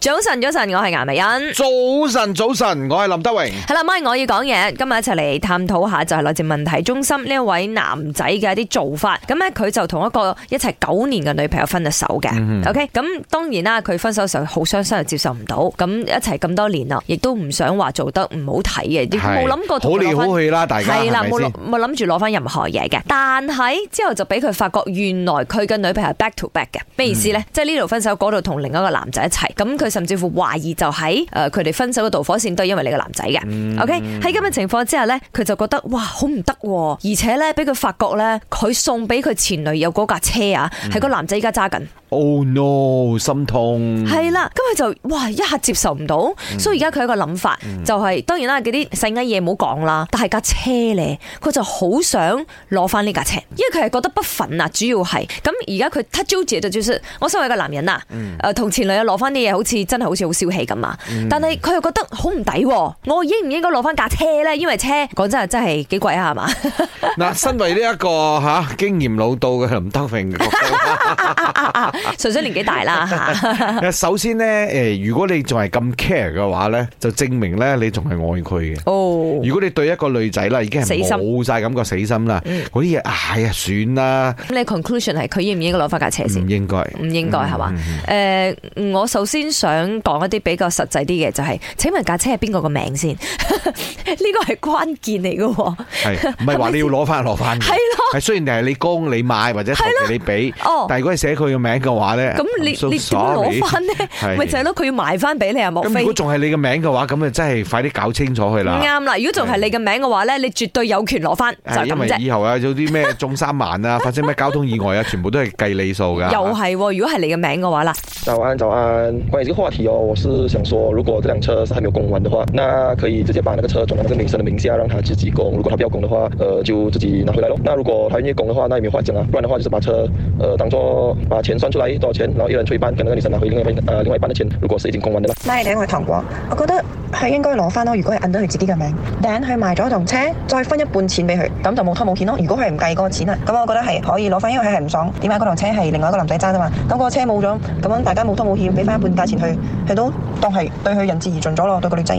早晨，早晨，我係顏美欣。早晨，早晨，我係林德榮。Hello，MY，我要講嘢。今日一齊嚟探討下，就係來自問題中心呢一位男仔嘅一啲做法。咁咧，佢就同一個一齊九年嘅女朋友分咗手嘅。OK，咁當然啦，佢分手時候好傷心，又接受唔到。咁一齊咁多年啦，亦都唔想話做得唔好睇嘅，冇諗是過好嚟好去啦。大家係啦，冇冇諗住攞翻任何嘢嘅。但係之後就俾佢發覺，原來佢嘅女朋友 back to back 嘅。咩意思咧？嗯、即係呢度分手，嗰度同另一個男仔一齊。咁佢。甚至乎懷疑就喺誒佢哋分手嘅導火線都係因為你個男仔嘅、嗯、，OK 喺咁嘅情況之下咧，佢就覺得哇好唔得，而且咧俾佢發覺咧，佢送俾佢前女友嗰架車啊，係個男仔依家揸緊。Oh no！心痛係啦，咁佢就哇一下接受唔到，嗯、所以而家佢個諗法就係、是嗯、當然啦，嗰啲細嘅嘢唔好講啦，但係架車咧，佢就好想攞翻呢架車，因為佢係覺得不忿啊。主要係咁而家佢，他 j 姐就指我身為一個男人啊，同、嗯呃、前女友攞翻啲嘢，好似真係好似好小器咁啊。但係佢又覺得好唔抵，我應唔應該攞翻架車咧？因為車講真係真係幾貴下嘛。嗱、啊，身為呢、這、一個吓、啊、經驗老到嘅林德榮。 純粹年紀大啦。首先咧，誒，如果你仲係咁 care 嘅話咧，就證明咧你仲係愛佢嘅。哦。如果你對一個女仔啦，已經係死心，冇晒感覺，死心啦。嗰啲嘢，唉呀，算啦。咁你 conclusion 係佢應唔應該攞翻架車先？唔應該。唔應該係嘛？誒，我首先想講一啲比較實際啲嘅，就係，請問架車係邊個個名先？呢個係關鍵嚟嘅。係。唔係話你要攞翻攞翻。係咯。係雖然你係你供、你買或者同你俾。但係如果寫佢嘅名話咧，咁你你點攞翻呢？咪就係咯，佢要賣翻俾你啊，莫非的？如果仲係你嘅名嘅話，咁啊真係快啲搞清楚佢啦。啱啦，如果仲係你嘅名嘅話咧，的你絕對有權攞翻。係、就是、因為以後啊，有啲咩中三萬啊，發生咩交通意外啊，全部都係計你數噶。又係，如果係你嘅名嘅話啦。早安早安，關於呢個話題哦，我是想說，如果這輛車還沒有供完嘅話，那可以直接把那個車轉到那個女生的名下，讓他自己供。如果他不要供的話，就自己拿回來咯。那如果他願意供的話，那也沒話講啦。不然的話，就是把車，當做把錢算出。攞多錢，攞呢兩催班，跟嗰個女生啊，佢另外誒，另外一半啲錢，如果使錢公允啦。賣俾我糖果，我覺得佢應該攞翻咯。如果係按到佢自己嘅名 then 佢賣咗台車，再分一半錢俾佢，咁就冇拖冇欠咯。如果佢唔計嗰個錢啊，咁我覺得係可以攞翻，因為佢係唔爽。點解嗰台車係另外一個男仔揸啫嘛？咁、那、嗰個車冇咗，咁樣大家冇拖冇欠，俾翻一半價錢佢，佢都當係對佢仁至義盡咗咯，對個女仔。